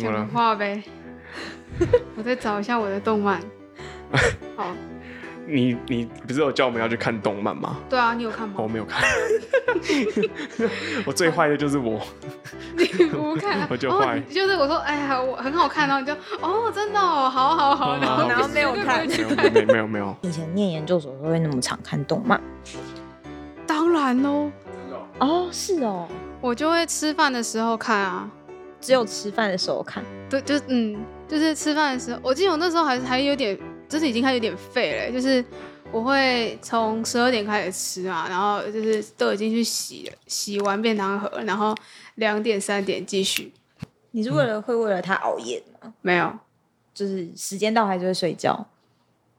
講話唄，我再找一下我的動漫。好，你你不是有叫我們要去看動漫嗎？對啊，你有看嗎？我沒有看。我最壞的就是我，你不看我就壞。就是我說，哎呀，我很好看，然後你就哦，真的哦，好好好，然後沒有看，沒有沒有沒有沒有。以前念研究所都會那麼常看動漫？當然哦，哦，是哦，我就會吃飯的時候看啊。只有吃飯的時候看，對，就是嗯，就是吃飯的時候。我記得我那時候還還有點，就是已經開始有點廢了、欸，就是我會從十二點開始吃嘛、啊，然後就是都已經去洗了，洗完便當盒，然後兩點三點繼續。嗯、你是為了會為了他熬夜嗎？沒有、嗯，就是時間到還就會睡覺。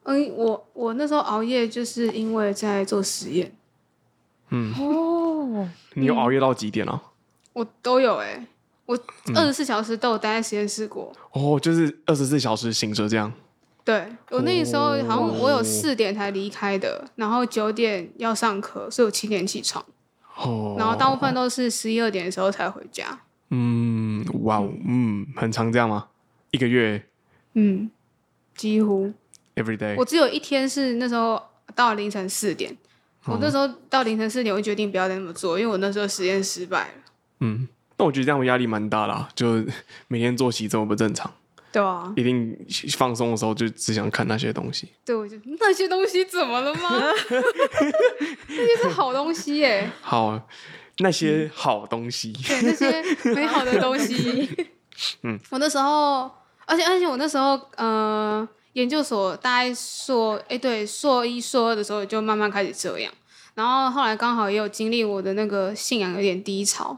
嗯，我我那時候熬夜就是因為在做實驗。嗯哦，你有熬夜到幾點啊？嗯、我都有哎、欸。我二十四小時都有待在實驗室過、嗯、哦，就是二十四小時醒着這樣。對我那時候好像我有四點才離開的，哦、然後九點要上課，所以我七點起床。哦，然後大部分都是十一二點的時候才回家。嗯，哇哦，嗯，很常這樣嗎？一個月？嗯，幾乎 every day。我只有一天是那時候到了凌晨四點，我那時候到凌晨四點，我就決定不要再那麼做，因為我那時候實驗失敗了。嗯。那我覺得這樣我壓力蠻大啦，就每天作息這麼不正常，對啊，一定放鬆的時候就只想看那些東西。對，我覺得那些東西怎麼了嗎？這 些是好東西耶、欸，好那些好東西、嗯，那些美好的東西。 嗯，我那時候，而且而且我那時候，呃，研究所大概碩，哎、欸，對，碩一碩二的時候就慢慢開始這樣，然後後來剛好也有經歷我的那個信仰有點低潮。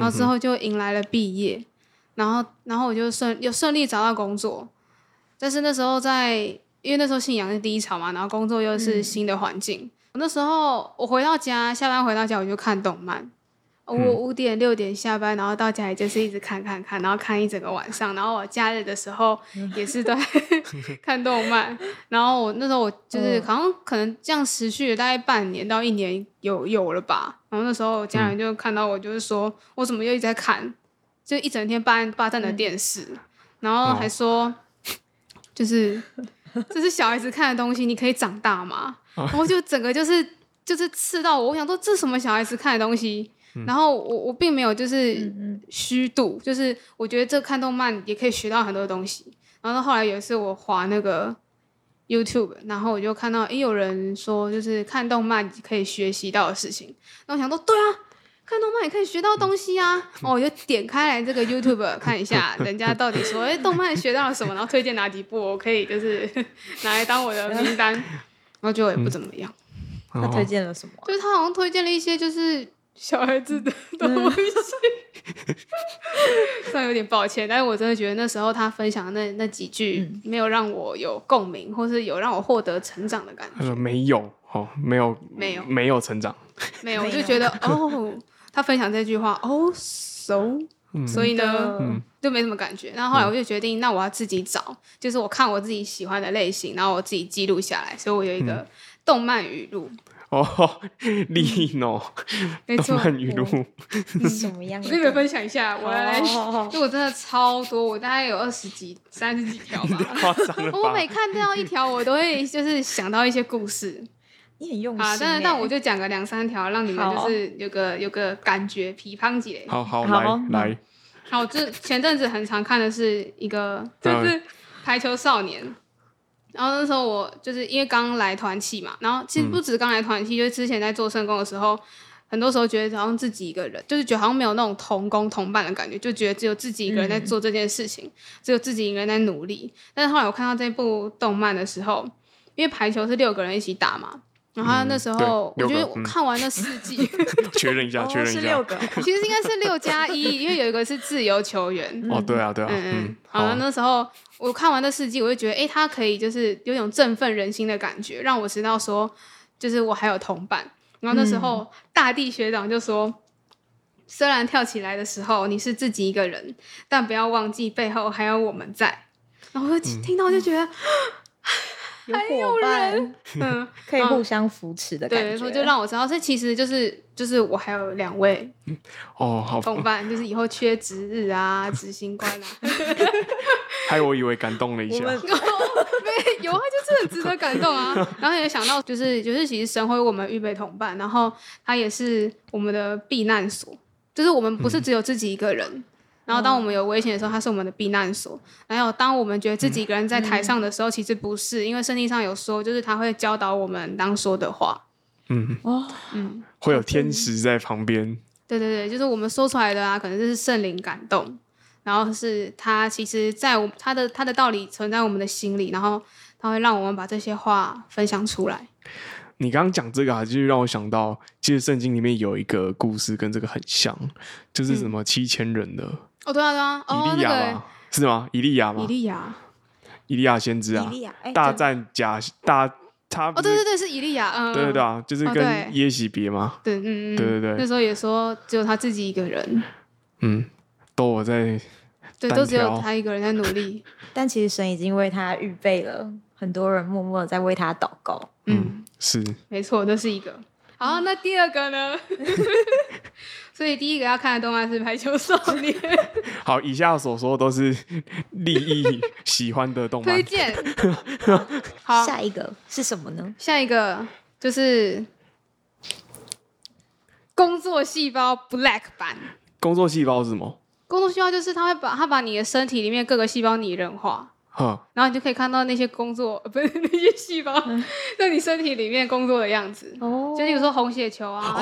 然後之後就迎來了畢業，嗯、哼然後然後我就順又順利找到工作，但是那時候在因為那時候信仰是低潮嘛，然後工作又是新的環境，嗯、那時候我回到家，下班回到家，我就看動漫。我五點六點下班，然後到家裡就是一直看看看，然後看一整個晚上。然後我假日的時候也是在 看動漫。然後我那時候我就是好像可能這樣持續了大概半年到一年有有了吧。然後那時候我家人就看到我就是說，我怎麼又一直在看？就一整天霸霸佔着電視，嗯、然後還說，哦、 就是這是小孩子看的東西，你可以長大嗎？然後就整個就是就是刺到我，我想說，這什麼小孩子看的東西？然後我我並沒有就是虛度，嗯嗯，就是我覺得這看動漫也可以學到很多東西。然後後來有一次我滑那個 YouTube，然後我就看到，哎，有人說就是看動漫可以學習到的事情。那我想說，對啊，看動漫也可以學到東西啊。嗯、哦，我就點開來這個 YouTube 看一下，人家到底說，哎， 動漫學到了什麼，然後推薦哪幾部，我可以就是拿來當我的名單。嗯、然後就也不怎麼樣，嗯、他推薦了什麼？就是他好像推薦了一些就是。小孩子的東西，雖然，嗯、 有點抱歉，但是我真的覺得那時候他分享的那那幾句沒有讓我有共鳴，或是有讓我獲得成長的感覺。他說沒有，哦，沒有，沒有，沒有成長，沒有，我就覺得哦，有 oh, 他分享這句話哦、oh,，so，、嗯、所以呢，嗯、就沒什麼感覺。然後後來我就決定，那我要自己找，嗯、就是我看我自己喜歡的類型，然後我自己記錄下來。所以我有一個動漫語錄。哦，利諾、oh, 嗯，沒錯，語錄、嗯、 什麼樣子？我跟你們分享一下，我來，來，因為、oh. 我真的超多，我大概有二十幾、三十幾條吧。吧 我每看到一條，我都會就是想到一些故事。你很用心、欸、啊，但是但我就講個兩三條，讓你們就是有個好有個感覺。琵琶姐，好好，來、嗯、來，好，這前陣子很常看的是一個，就是排球少年。然後那時候我就是因為剛來團契嘛，然後其實不止剛來團契，嗯、就是之前在做聖工的時候，很多時候覺得好像自己一個人，就是覺得好像沒有那種同工同伴的感覺，就覺得只有自己一個人在做這件事情，嗯、只有自己一個人在努力。但是後來我看到這部動漫的時候，因為排球是六個人一起打嘛。然後他那時候，嗯、我覺得我看完那四季，嗯、 確認一下，確認一下，哦、是六個、啊，其實應該是六加一，1, 因為有一個是自由球員。嗯、哦，對啊，對啊。嗯嗯。嗯好啊、然後那時候我看完那四季，我就覺得，哎，他可以就是有種振奮人心的感覺，讓我知道說，就是我還有同伴。然後那時候、嗯、大地學長就說：“雖然跳起來的時候你是自己一個人，但不要忘記背後還有我們在。”然後我就聽到我就覺得。嗯嗯還有人，嗯，可以互相扶持的感覺、嗯啊。對，然後就讓我知道，這其實就是就是我還有兩位哦，好，同伴，就是以後缺值日啊、執 行官啊。還有 我以為感動了一下，們 哦、沒有，有啊，就是很值得感動啊。然後也想到，就是就是其實神會為我們預備同伴，然後他也是我們的避難所，就是我們不是只有自己一個人。嗯然後，當我們有危險的時候，它是我們的避難所。還有，當我們覺得自己一個人在台上的時候，嗯、其實不是，因為聖經上有說，就是他會教導我們當說的話。嗯哦，嗯，會有天使在旁邊、嗯。對對對，就是我們說出來的啊，可能就是聖靈感動，然後是他其實在我他的他的道理存在我們的心裡，然後他會讓我們把這些話分享出來。你剛剛講這個、啊，就讓我想到，其實聖經裡面有一個故事跟這個很像，就是什麼七千人的。嗯哦，對啊，對啊，哦，那個是嗎？以利亞嗎？以利亞，以利亞先知啊，大戰假大他哦，對對對，是以利亞，對對對啊，就是跟耶洗別嘛，對，嗯嗯，對對對，那時候也說只有他自己一個人，嗯，都我在，對，都只有他一個人在努力，但其實神已經為他預備了，很多人默默的在為他禱告，嗯，是，沒錯，這是一個。好，嗯、那第二個呢？ 所以第一個要看的動漫是《排球少年》。好，以下所說都是黎立懿喜歡的動漫。推薦。 好，下一個是什麼呢？下一個就是《工作細胞》Black 版。工作細胞是什麼？工作細胞就是它會把它把你的身體裡面各個細胞擬人化。然後你就可以看到那些工作，不是那些細胞在你身體裡面工作的樣子。哦，就比如說紅血球啊，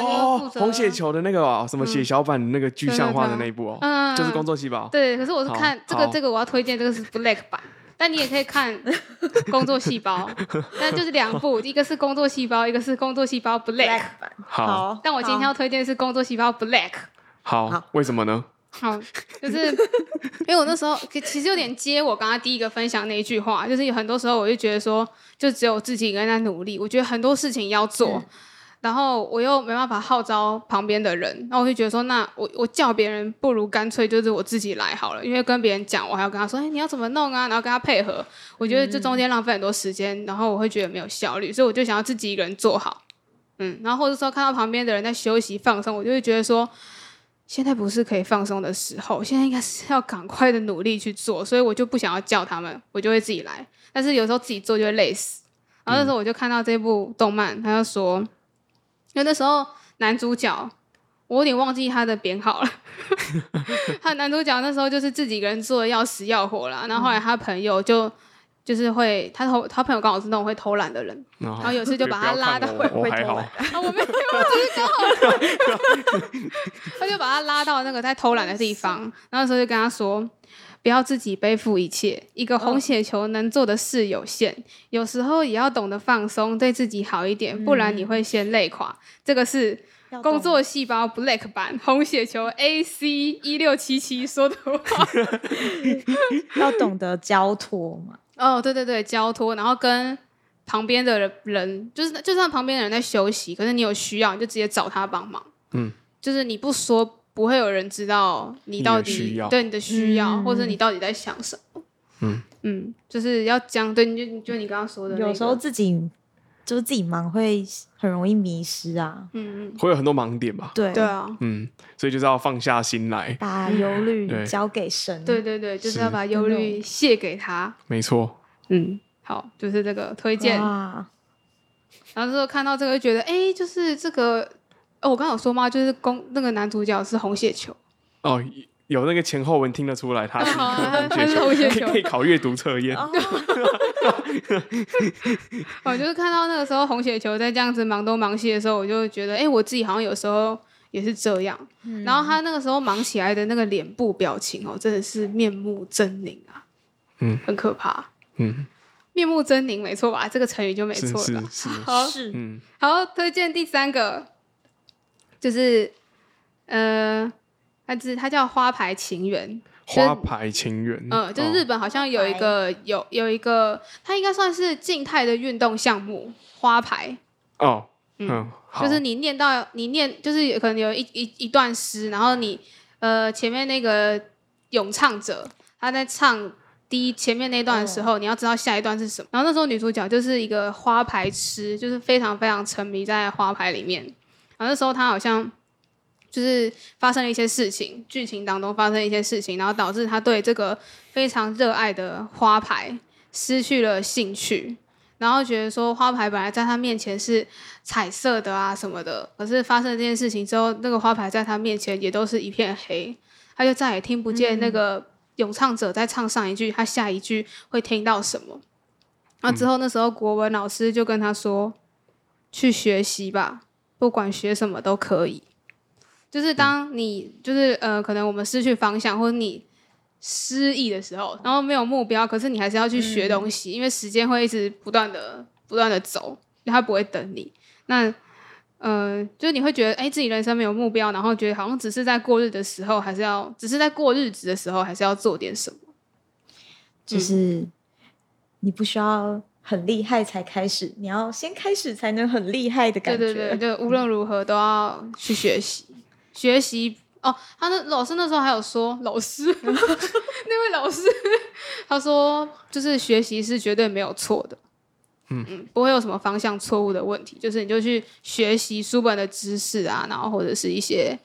紅血球的那個什麼血小板那個具象化的那一部，嗯，就是工作細胞。對，可是我是看這個，這個我要推薦這個是 Black 版，但你也可以看工作細胞。但就是兩部，一個是工作細胞，一個是工作細胞 Black 版。好，但我今天要推薦的是工作細胞 Black。好，為什麼呢？好，就是因為我那時候其實有點接我剛剛第一個分享那一句話，就是有很多時候我就覺得說，就只有我自己一個人在努力，我覺得很多事情要做，嗯、然後我又沒辦法號召旁邊的人，然後我就覺得說，那我我叫別人不如乾脆就是我自己來好了，因為跟別人講，我還要跟他說，哎、欸，你要怎麼弄啊，然後跟他配合，我覺得這中間浪費很多時間，然後我會覺得沒有效率，嗯、所以我就想要自己一個人做好，嗯，然後或者說看到旁邊的人在休息放鬆，我就會覺得說。現在不是可以放鬆的時候，現在應該是要趕快的努力去做，所以我就不想要叫他們，我就會自己來。但是有時候自己做就會累死。然後那時候我就看到這部動漫，他、嗯、就說，因為那時候男主角，我有點忘記他的編號了。他男主角那時候就是自己一個人做的要死要活啦。然後後來他朋友就。嗯就是會，他他朋友剛好是那種會偷懶的人，然後有時就把他拉到會不會偷懶，我沒偷，我只是剛他就把他拉到那個在偷懶的地方，然後時候就跟他說：“不要自己背負一切，一個紅血球能做的事有限，有時候也要懂得放鬆，對自己好一點，不然你會先累垮。”這個是工作細胞 Black 版紅血球 AC 一六七七說的話。要懂得交托嘛。哦，對對對，交託，然後跟旁邊的人，就是就算旁邊的人在休息，可是你有需要，你就直接找他幫忙。嗯，就是你不說，不會有人知道你到底需要對你的需要，嗯、或者你到底在想什麼。嗯嗯，就是要講對，你就就你剛剛說的、那個，有時候自己。就是自己忙會很容易迷失啊，嗯，會有很多盲點嘛，對對啊，嗯，所以就是要放下心來，把憂慮交給神，對對對，就是要把憂慮卸給他，是，沒錯，嗯，好，就是這個推薦啊，哇，然後之後看到這個就覺得，哎、欸，就是這個，哦，我剛剛有說嘛，就是公那個男主角是紅血球，哦。有那個前後文聽得出來，他是紅血球，可以，可以考閱讀測驗。我就是看到那個時候紅血球在這樣子忙東忙西的時候，我就覺得，哎、欸，我自己好像有時候也是這樣。嗯、然後他那個時候忙起來的那個臉部表情哦、喔，真的是面目猙獰啊，嗯、很可怕，嗯、面目猙獰沒錯吧？這個成語就沒錯的。是是是好，是嗯，好，推薦第三個，就是呃。他是他叫花牌情緣，就是、花牌情緣，嗯、呃，就是日本好像有一個、哦、有有一個，他應該算是靜態的運動項目，花牌。哦，嗯，呵就是你念到好你念，就是可能有一一一段詩，然後你呃前面那個詠唱者他在唱第一前面那段的時候，哦、你要知道下一段是什麼。然後那時候女主角就是一個花牌痴，就是非常非常沉迷在花牌裡面。然後那時候她好像。就是發生了一些事情，劇情當中發生了一些事情，然後導致他對這個非常熱愛的花牌失去了興趣，然後覺得說花牌本來在他面前是彩色的啊什麼的，可是發生這件事情之後，那個花牌在他面前也都是一片黑，他就再也聽不見那個詠唱者在唱上一句，他下一句會聽到什麼。然後，啊，之後那時候國文老師就跟他說，去學習吧，不管學什麼都可以。就是當你、嗯、就是呃，可能我們失去方向，或者你失意的時候，然後沒有目標，可是你還是要去學東西，嗯、因為時間會一直不斷的、不斷的走，他不會等你。那呃，就是你會覺得，哎、欸，自己人生沒有目標，然後覺得好像只是在過日的時候，還是要只是在過日子的時候，還是要做點什麼。就是、嗯、你不需要很厲害才開始，你要先開始才能很厲害的感覺。對對對，對，無論如何都要去學習。學習哦，他那老師那時候還有說，老師 那位老師，他說就是學習是絕對沒有錯的，嗯嗯，不會有什麼方向錯誤的問題，就是你就去學習書本的知識啊，然後或者是一些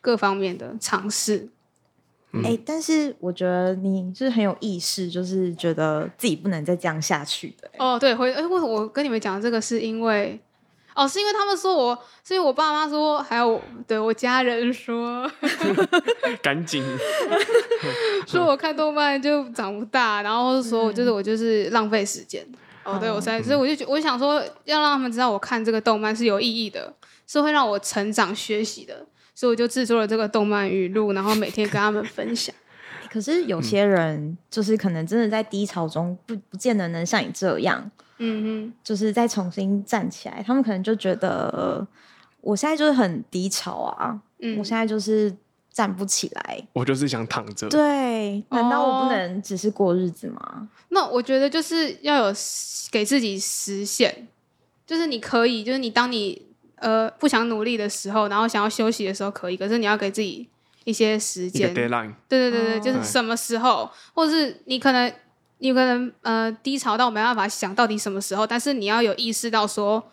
各方面的嘗試。哎、嗯，欸，但是我覺得你就是很有意識，就是覺得自己不能再這樣下去的。哦，對，回哎、欸，為什麼我我跟你們講這個是因為。哦，是因為他們說我，所以我爸媽說，還有對我家人說，趕緊 緊 說我看動漫就長不大，然後說就是我就是浪費時間。嗯、哦，對我在、嗯、所以我就我想說要讓他們知道我看這個動漫是有意義的，是會讓我成長學習的，所以我就制作了這個動漫語錄，然後每天跟他們分享。可是有些人就是可能真的在低潮中不不見得能像你這樣。嗯哼，就是再重新站起來，他們可能就覺得我現在就是很低潮啊，嗯、我現在就是站不起來，我就是想躺着。對，難道我不能只是過日子嗎？哦、那我覺得就是要有給自己時限。就是你可以，就是你當你呃不想努力的時候，然後想要休息的時候可以，可是你要給自己一些時間。Deadline。對對對對，哦、就是什麼時候，對或者是你可能。你有可能呃，低潮到我沒辦法想到底什麼時候，但是你要有意識到說，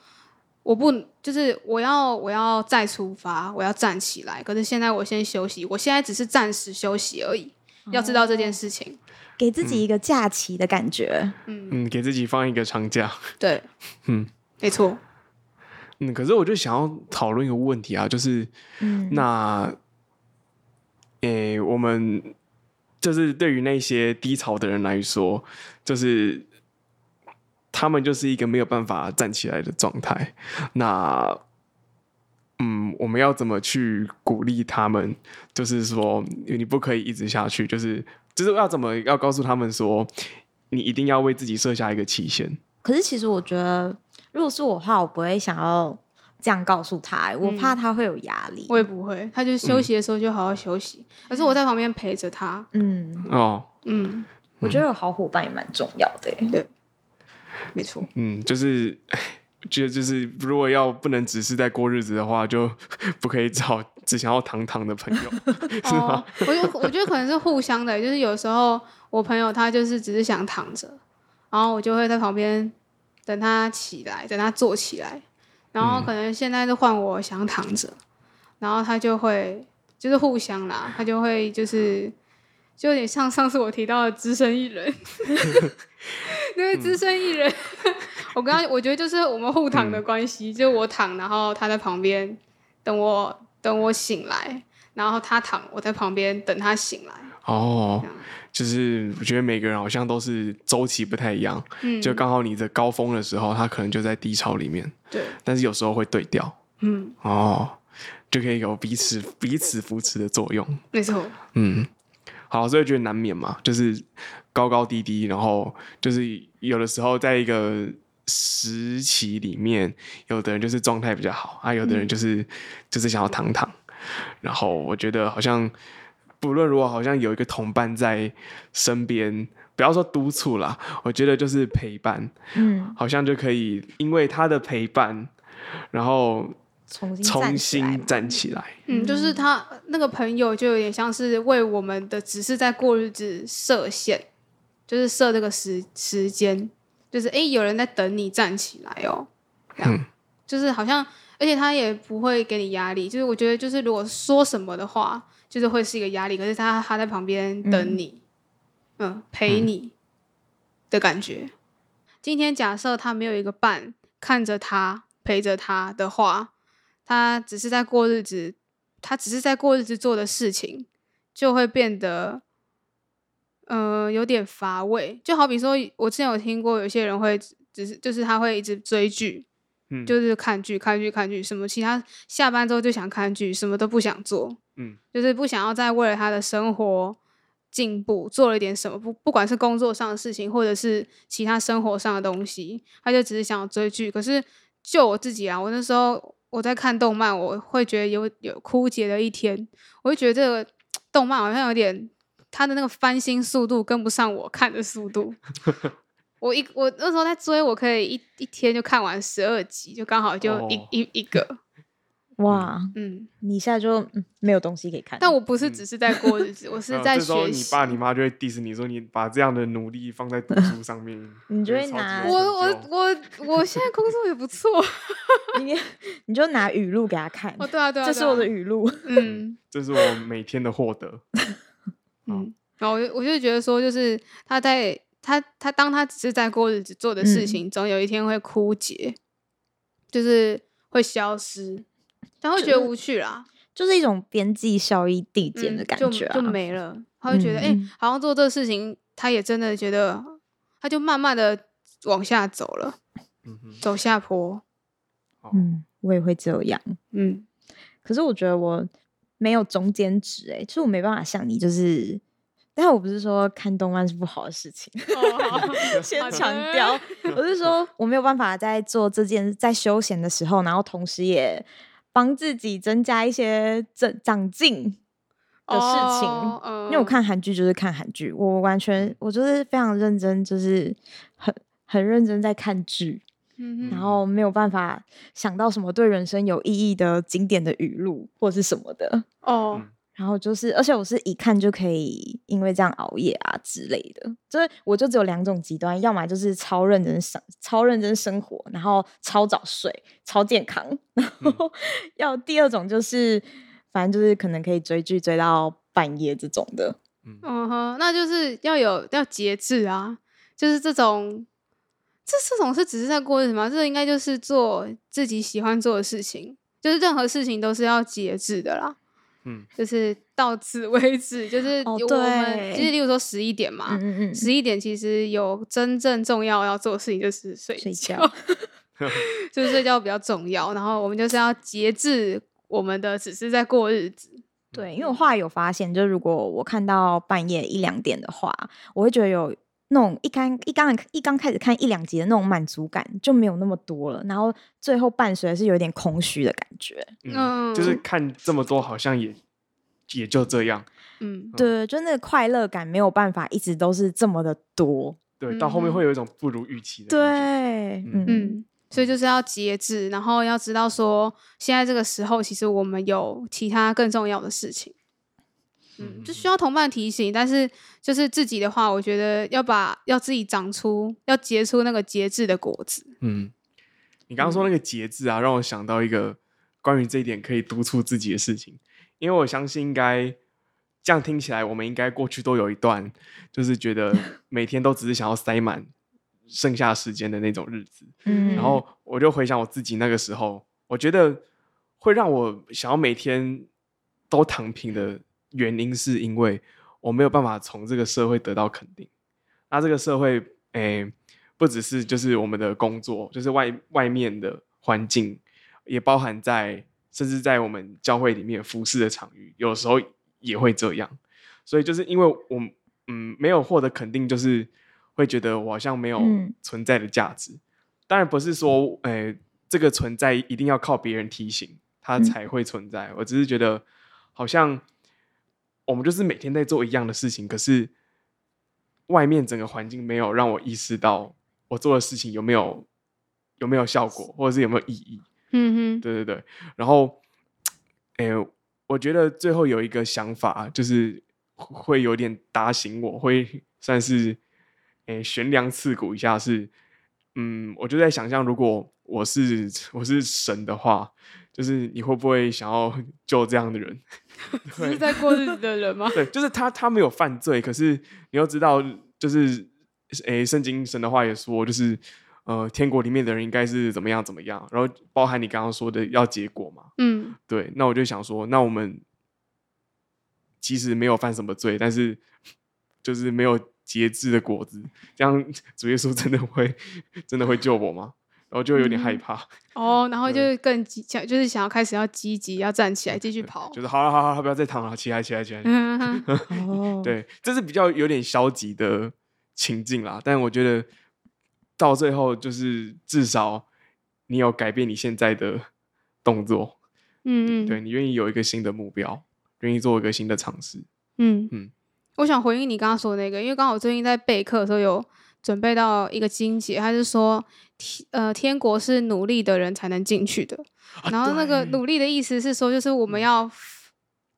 我不，就是我要我要再出發，我要站起來。可是現在我先休息，我現在只是暫時休息而已。嗯、要知道這件事情，給自己一個假期的感覺，嗯嗯，給自己放一個長假，對，嗯，沒錯。嗯，可是我就想要討論一個問題啊，就是，嗯、那，誒，我們。就是對於那些低潮的人來說，就是他們就是一個沒有辦法站起來的狀態。那，嗯，我們要怎麼去鼓勵他們？就是說，你不可以一直下去，就是，就是要怎麼要告訴他們說，你一定要為自己設下一個期限。可是，其實我覺得，如果是我的話，我不會想要。這樣告訴他，我怕他會有壓力。嗯、我也不會，他就休息的時候就好好休息。可、嗯、是我在旁邊陪着他，嗯，嗯哦，嗯，我覺得有好夥伴也蠻重要的，對，沒錯，嗯，就是我覺得就是如果要不能只是在過日子的話，就不可以找只想要躺躺的朋友， 是嗎？我就我覺得可能是互相的，就是有時候我朋友他就是只是想躺着，然後我就會在旁邊等他起來，等他坐起來。然後可能現在是換我想躺着，嗯、然後他就會就是互相啦，他就會就是就有點像上次我提到的“只身一人”，那 個、嗯“只身一人”。我剛剛我覺得就是我們互躺的關係，嗯、就是我躺，然後他在旁邊等我等我醒來，然後他躺，我在旁邊等他醒來。哦，就是我覺得每個人好像都是周期不太一樣，嗯、就剛好你的高峰的時候，他可能就在低潮裡面，對，但是有時候會對調，嗯，哦，就可以有彼此彼此扶持的作用，沒錯，嗯，好，所以覺得難免嘛，就是高高低低，然後就是有的時候在一個時期裡面，有的人就是狀態比較好，啊，有的人就是、嗯、就是想要躺躺，然後我覺得好像。無論如何，好像有一個同伴在身邊，不要說督促啦，我覺得就是陪伴，嗯，好像就可以，因為他的陪伴，然後重新重新站起來，嗯，就是他那個朋友就有點像是為我們的只是在過日子設限，就是設這個時時間，就是哎、欸，有人在等你站起來哦，這樣，嗯，就是好像，而且他也不會給你壓力，就是我覺得，就是如果說什麼的話。就是會是一個壓力，可是他他在旁邊等你，嗯，呃，陪你的感覺。嗯，今天假設他沒有一個伴看着他陪着他的話，他只是在過日子，他只是在過日子做的事情就會變得，嗯，呃，有點乏味。就好比說我之前有聽過有些人會只是就是他會一直追劇。嗯，就是看劇，看劇，看劇，什麼其他下班之後就想看劇，什麼都不想做，嗯，就是不想要再為了他的生活進步做了一點什麼，不不管是工作上的事情，或者是其他生活上的東西，他就只是想要追劇。可是就我自己啊，我那時候我在看動漫，我會覺得有有枯竭的一天，我就覺得這個動漫好像有點他的那個翻新速度跟不上我看的速度。 我一我那時候在追，我可以一一天就看完十二集，就剛好就一一一個，哇，嗯，你現在就沒有東西可以看。但我不是只是在過日子，我是在學習。這時候你爸你媽就會 diss 你說，你把這樣的努力放在讀書上面。你就會拿我我我我現在工作也不錯，你你就拿語錄給他看。哦，對啊對啊，這是我的語錄，嗯，這是我每天的獲得。嗯，然後我就我就覺得說，就是他在。他他當他只是在過日子，做的事情、嗯、總有一天會枯竭，就是會消失，他會覺得無趣啦，就是、就是一種邊際效益遞減的感覺、啊嗯就，就沒了。他會覺得，哎、嗯欸，好像做這事情，他也真的覺得，他就慢慢的往下走了，嗯、哼走下坡。嗯，我也會這樣。嗯，嗯可是我覺得我沒有中間值，、欸，誒，其實我沒辦法像你，就是。但我不是說看動漫是不好的事情，oh, 先強調，我是說我沒有辦法在做這件在休閒的時候，然後同時也幫自己增加一些長進的事情。因為我看韓劇就是看韓劇，我完全我就是非常認真，就是很很認真在看劇，然後沒有辦法想到什麼對人生有意義的經典的語錄或是什麼的哦。Oh, oh. 嗯然後就是，而且我是一看就可以，因為這樣熬夜啊之類的，就是我就只有兩種極端，要麼就是超認真生超認真生活，然後超早睡，超健康；然後、嗯、要第二種就是，反正就是可能可以追劇追到半夜這種的。嗯哼，那就是要有要節制啊，就是這種這這種是只是在過日子嗎？這應該就是做自己喜歡做的事情，就是任何事情都是要節制的啦。嗯，就是到此為止，就是我們，其實、哦、例如說十一點嘛，十一、嗯嗯、點，其實有真正重要要做的事情就是睡覺，睡覺 就是睡覺比較重要，然後我們就是要節制我們的，只是在過日子。對，因為我後來有發現，就如果我看到半夜一兩點的話，我會覺得有。那種一剛一剛一剛開始看一兩集的那種滿足感就沒有那麼多了，然後最後伴隨是有一點空虛的感覺，嗯，就是看這麼多好像也、嗯、也就這樣，嗯，對，就那個快樂感沒有辦法一直都是這麼的多，嗯、對，到後面會有一種不如預期的，對，嗯，嗯，所以就是要節制，然後要知道說現在這個時候其實我們有其他更重要的事情。嗯，就需要同伴提醒，嗯、但是就是自己的話，我覺得要把要自己長出要結出那個節制的果子。嗯，你剛剛說那個節制啊，讓我想到一個關於這一點可以督促自己的事情，因為我相信應該這樣聽起來，我們應該過去都有一段就是覺得每天都只是想要塞滿剩下時間的那種日子。嗯，然後我就回想我自己那個時候，我覺得會讓我想要每天都躺平的。原因是因為我沒有辦法從這個社會得到肯定。那這個社會，誒、欸，不只是就是我們的工作，就是外外面的環境，也包含在，甚至在我們教會裡面服侍的場域，有時候也會這樣。所以就是因為我，嗯，沒有獲得肯定，就是會覺得我好像沒有存在的價值。嗯、當然不是說，誒、欸，這個存在一定要靠別人提醒它才會存在。嗯、我只是覺得好像。我們就是每天在做一樣的事情，可是外面整個環境沒有讓我意識到我做的事情有沒有有沒有效果，或者是有沒有意義。嗯哼，對對對。然後，哎、欸，我覺得最後有一個想法，就是會有點打醒我，會算是哎懸梁刺股一下是，嗯，我就在想象，如果我是我是神的話。就是你會不會想要救這樣的人？ 是在過日子的人嗎？對，就是他，他沒有犯罪，可是你要知道，就是，誒、欸，聖經神的話也說，就是，呃，天國裡面的人應該是怎麼樣怎麼樣，然後包含你剛剛說的要結果嘛，嗯，對，那我就想說，那我們其實沒有犯什麼罪，但是就是沒有節制的果子，這樣主耶穌真的會真的會救我嗎？我就有點害怕，嗯、哦，然後就是更激，嗯、就是想要開始要積極，要站起來繼、嗯、續跑，就是好了，好好，不要再躺了，起來，起來，起來。對，這是比較有點消極的情境啦，但我覺得到最後就是至少你有改變你現在的動作，嗯，嗯，對，你願意有一個新的目標，願意做一個新的嘗試，嗯嗯。嗯，我想回應你剛剛說的那個，因為剛好我最近在備課的時候有準備到一個經節，還是說。天呃，天國是努力的人才能進去的。然後那個努力的意思是說，就是我們要，啊、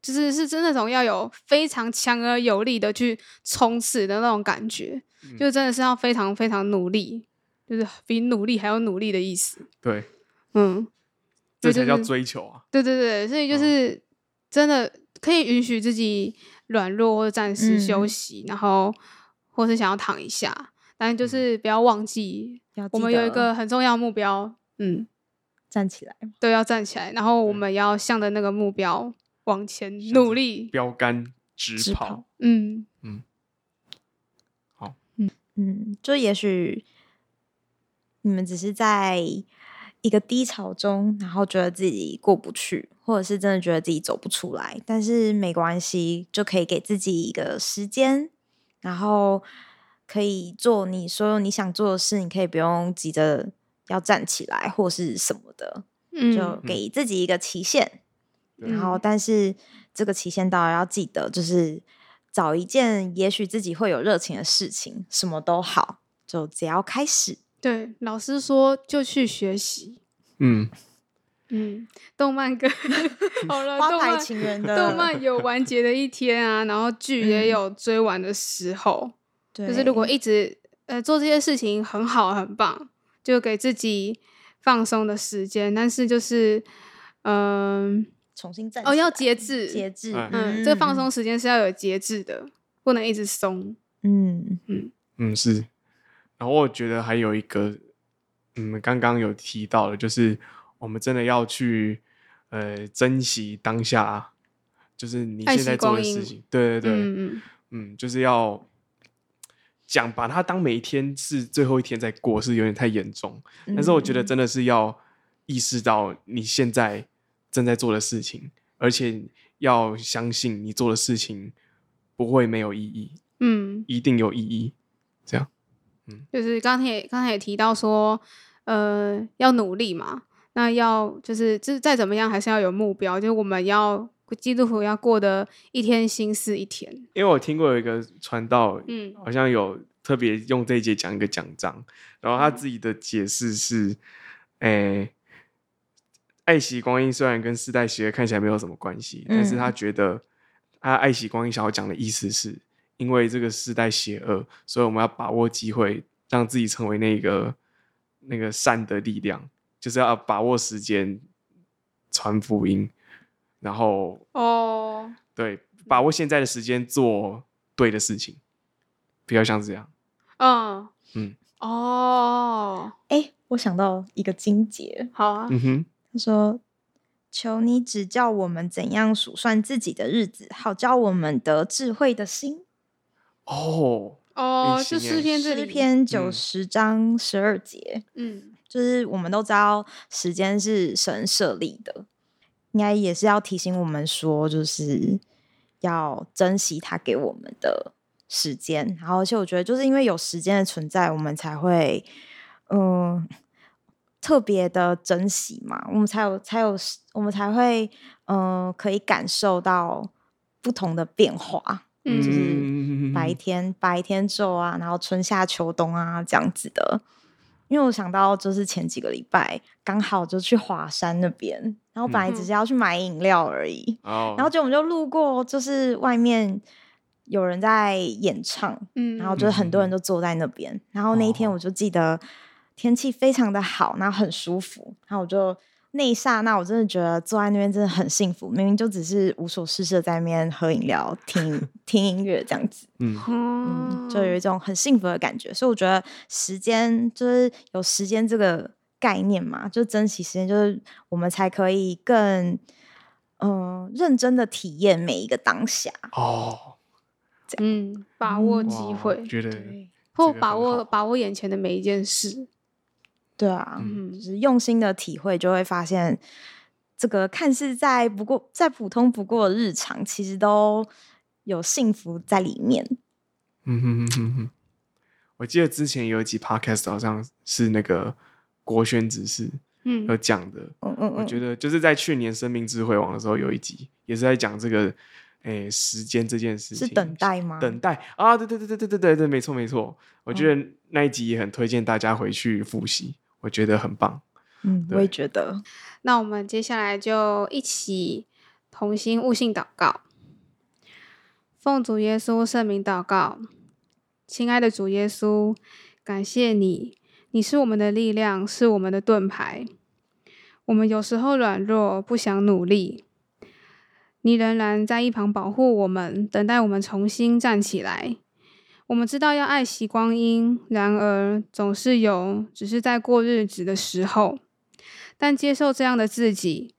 就是是真那種要有非常強而有力的去衝刺的那種感覺，嗯、就真的是要非常非常努力，就是比努力還要努力的意思。對，嗯，這才叫追求啊、就是！對對對，所以就是真的可以允許自己軟弱或暫時休息，嗯、然後或是想要躺一下。但就是不要忘記，嗯、我們有一個很重要目標，嗯，站起來，都要站起來，然後我們要向着那個目標、嗯、往前努力，標杆直，直跑，嗯嗯，好，嗯嗯，就也許你們只是在一個低潮中，然後覺得自己過不去，或者是真的覺得自己走不出來，但是沒關係，就可以給自己一個時間，然後。可以做你所有你想做的事，你可以不用急着要站起來或是什麼的，嗯、就給自己一個期限。嗯、然後，但是這個期限當然要記得，就是找一件也許自己會有熱情的事情，什麼都好，就只要開始。對，老師說就去學習。嗯嗯，動漫哥， 好了，花牌情人的動、動漫有完結的一天啊，然後劇也有追完的時候。嗯就是如果一直呃做這些事情很好很棒，就給自己放鬆的時間，但是就是嗯、呃、重新再，哦要節制節制，制嗯，嗯嗯這個放鬆時間是要有節制的，不能一直鬆，嗯嗯嗯是。然後我覺得還有一個，嗯，剛剛有提到的，就是我們真的要去呃珍惜當下，就是你現在做的事情，對對對，嗯，嗯，就是要。講把它當每天是最後一天在過，是有點太嚴重。嗯，但是我覺得真的是要意識到你現在正在做的事情，而且要相信你做的事情不會沒有意義，嗯，一定有意義。這樣，嗯，就是剛才剛才也提到說，呃，要努力嘛，那要就是就是再怎麼樣還是要有目標，就是我們要。基督徒要過得一天心思一天，因為我聽過有一個傳道，嗯，好像有特別用這一節講一個講章，然後他自己的解釋是，誒、嗯欸，愛惜光陰雖然跟世代邪惡看起來沒有什麼關係，嗯、但是他覺得他愛惜光陰想要講的意思是，因為這個世代邪惡，所以我們要把握機會，讓自己成為那個那個善的力量，就是要把握時間傳福音。然後哦，oh. 對，把握現在的時間做對的事情，oh. 比較像這樣。嗯、oh. 嗯，哦，哎，我想到一個經節，好啊。嗯哼，他說：“求你指教我們怎樣數算自己的日子，好教我們得智慧的心。Oh. 誒”哦哦、oh,，啊、就是詩篇這裡，詩篇九十章十二節。嗯，就是我們都知道時間是神設立的。應該也是要提醒我們說，就是要珍惜他給我們的時間。然後，而且我覺得，就是因為有時間的存在，我們才會嗯、呃、特別的珍惜嘛。我們才有，才有，我們才會嗯、呃，可以感受到不同的變化。嗯、就是白天白天晝啊，然後春夏秋冬啊這樣子的。因為我想到，就是前幾個禮拜剛好就去華山那邊。然後本來只是要去買飲料而已，嗯、然後就我們就路過，就是外面有人在演唱，嗯，然後就是很多人都坐在那邊。嗯、然後那一天我就記得天氣非常的好，哦、然後很舒服，然後我就那一剎那我真的覺得坐在那邊真的很幸福。明明就只是無所事事的在那邊喝飲料、聽聽音樂這樣子，嗯，嗯，就有一種很幸福的感覺。所以我覺得時間就是有時間這個。概念嘛，就珍惜時間，就是我們才可以更嗯、呃、認真的體驗每一個當下哦，這樣嗯，把握機會，覺得或把握把握眼前的每一件事，對啊，嗯，就是用心的體會，就會發現這個看似再不過再普通不過的日常，其實都有幸福在裡面。嗯哼哼哼哼，我記得之前有一集 Podcast 好像是那個。國宣只是嗯要講的，嗯，嗯，嗯我覺得就是在去年生命智慧王的時候有一集，嗯嗯、也是在講這個，誒、欸，時間這件事情是等待嗎？等待啊，對對對對對對對沒錯沒錯，嗯、我覺得那一集也很推薦大家回去複習，我覺得很棒。嗯，對我也覺得。那我們接下來就一起同心悟性禱告，奉主耶穌聖名禱告，親愛的主耶穌，感謝你。你是我們的力量，是我們的盾牌。我們有時候軟弱，不想努力，你仍然在一旁保護我們，等待我們重新站起來。我們知道要愛惜光陰，然而總是有只是在過日子的時候。但接受這樣的自己，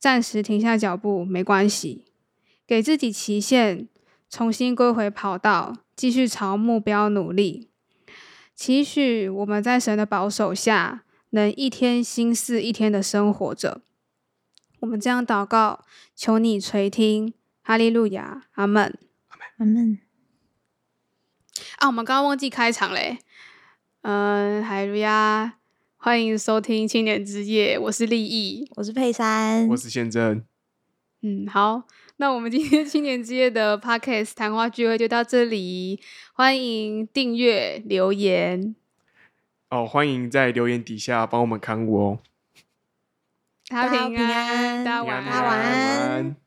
暫時停下腳步沒關係，給自己期限，重新歸回跑道，繼續朝目標努力。期許我們在神的保守下，能一天心思一天的生活着。我們這樣禱告，求你垂聽。哈利路亞，阿門，阿門，阿門。啊，我們剛剛忘記開場嘞。嗯，哈利路亞，歡迎收聽青年之夜。我是立懿，我是珮珊，我是獻禛。嗯，好。那我們今天青年之夜的 Podcast 談話聚會就到這裡，歡迎訂閱留言哦，歡迎在留言底下幫我們看顧哦，大家平安，大家晚安，大家平安，大家晚安。大晚安。